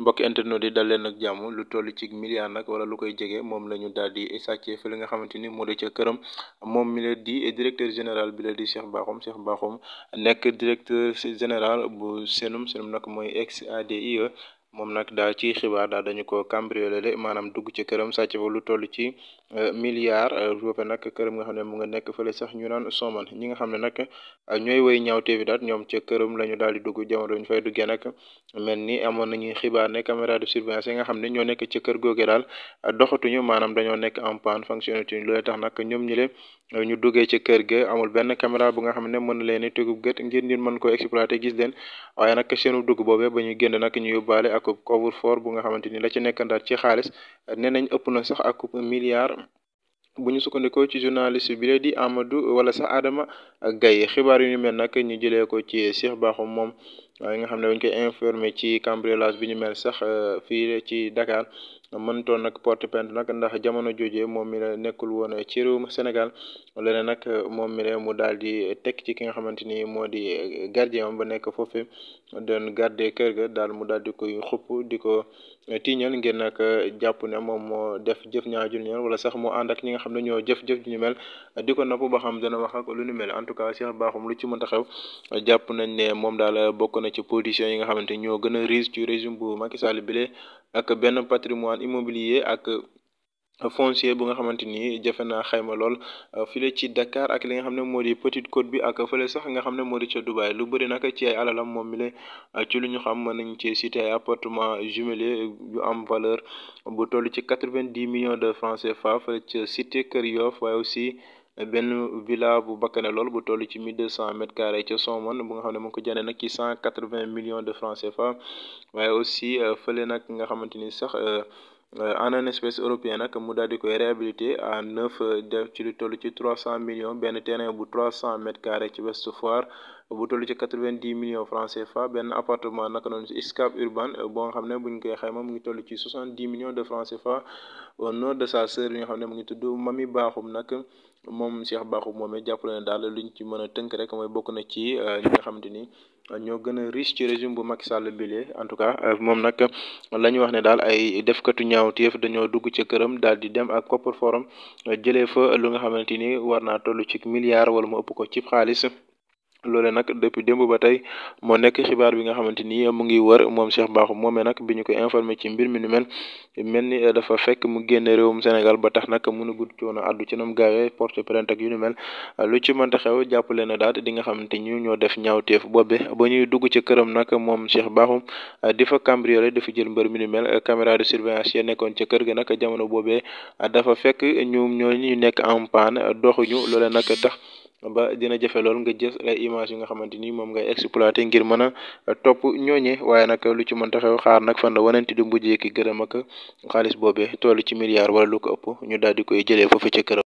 mbokki internet yi dal leen ak jàmm lu toll ci milliard nag wala lu koy jege moom la ñu daal di sàccee fi li nga xamante ni moo de ca këram moom mi la di directeur général bi la di Cheikh Bakhoum Cheikh Bakhoum nekk directeur général bu Senum Senum nag mooy ex ADIE moom nag daal ci xibaar daal dañu ko le maanaam dugg ci këram sàcc fa lu toll ci euh, milliard euh, boobu nag këram nga xam ne mu nga nekk fële sax ñu naan soman ñi xam ne nag euh, ñooy woy ñaawteef daal ñoom ca këram la ñu daal di dugg jamono ñu fay duggee nag mel ni amoon nañuy xibaar ne caméra de surveillance yi nga xam ne ñoo nekk ca kër googe daal doxatuñu maanaam dañoo nekk en panne fonctionné tuñu loolee tax nag ñoom ñi le ñu duggee ci kër ga amul benn caméra bu nga xam ne mën na leen tegub gët ngir ñu mën ko exploiter gis leen waaye nag seenu dugg boobee ba ñu génn nag ñu yóbbaale ak coffre-fort bu nga xamante ni la ci nekk ndaat ci xaalis nee nañ ëpp na sax ak milliard bu ñu sukkandikoo ci journaliste bi di Amadou wala sax Adama Gaye xibaar yu ñu mel nag ñu jëlee ko ci Cheikh Bakhoum moom waaye nga xam ne dañ koy informé ci cambriolage bi ñu mel sax fii ci Dakar mëntoon nag porte plainte nag ndax jamono jooje moom mi la nekkul woon ci réewum Sénégal leneen nag moom mi la mu daal di teg ci ki nga xamante ni moo di gardien am ba nekk foofu doon garde kër ga daal mu daal di koy xupp di ko tiiñal ngir nag jàpp ne moom moo def jëf ñaaju ñu mel wala ànd ak ñi nga xam ne ñoo jëf jëf ju ñu mel ko napp ba xam dana wax ak lu ñu mel en tout cas Cheikh Bakhoum lu ci mën a xew jàpp nañ ne moom daal bokk na ci politiciens yi nga xamante ni ñoo gën a riche ci régime bu Macky Sall bile ak benn patrimoine immobilier ak foncier bu nga xamante ni jafe naa xayma lool euh, file ci Dakar ak li nga xam ne moo di Petite code bi ak fële sax nga xam ne moo di ca Dubaï lu bëri nag ci ay alalam moom mi euh, ci lu ñu xam mën nañ cee cité ay appartement jumelé yu am valeur bu toll ci quatre-vingt-dix millions de francs CFA fële ca cité Kër Yoff waaye aussi benn villa bu bakkane lool bu toll ci 1200 mètres carrés ca Somone bu nga ne mu ngi ko jëndee nag ci 180 millions de francs CFA waaye aussi euh, fële nag nga xamante ni sax. Euh, en un espèce européen nag mu daal di koy réhabilité à neuf de ci lu toll ci trois cent million benn terrain bu trois cent mètres carrés ci Ouest Foire bu toll ci quatre vingt dix millions francs CFA benn appartement naka noonu ci Scat boo xam ne bu ñu koy xayma mu ngi toll ci soixante dix millions de francs CFA au nom de sa sœur nga xam ne mu ngi tudd Mamy Bakhoum nag. moom Cheikh Bakhoum moomee jàppale na daal luñ ci mën a tënk rek mooy bokk na ci euh, ñi nga xamante ni ñoo gën a riche ci régime bu Macky Sall bile en tout cas euh, moom nag la ñu wax ne daal ay defkatu ñaawteef dañoo dugg ca këram daal di dem ak Copper Forum euh, jëlee fa lu nga xamante ni war naa toll ci milliard wala mu ëpp ko cib xaalis. loole nag depuis démb ba tey moo nekk xibaar bi nga xamante ni mu ngi wër moom Cheikh Bakhoum moomee nag bi ñu ko informé ci mbir mi nu mel mel ni dafa fekk mu génne réewum Sénégal ba tax nag mënu gudd coono àddu ci nam gaawee porte plainte ak yu nu mel lu ci mënta xew jàppale na daal di nga xamante ñu ñoo def ñaawteef boobe ba ñuy dugg ci këram nag moom Cheikh Bakhoum di fa cambriolé dafa jël mbër mi nu mel caméra de surveillance ya nekkoon ca kër ga nag jamono boobee dafa fekk ñu ñoo ñu nekk en panne doxuñu loole nag tax ba dina jafe lool nga jël ay image yi nga xamante ni moom ngay exploité ngir mën a topp ñooñe waaye nag lu ci mën taxew xaar nag fan la wananti du mujjee ki gërëm ak xaalis boobe toll ci milliard wala lu ko ëpp ñu daal di koy jëlee foofu ca këram.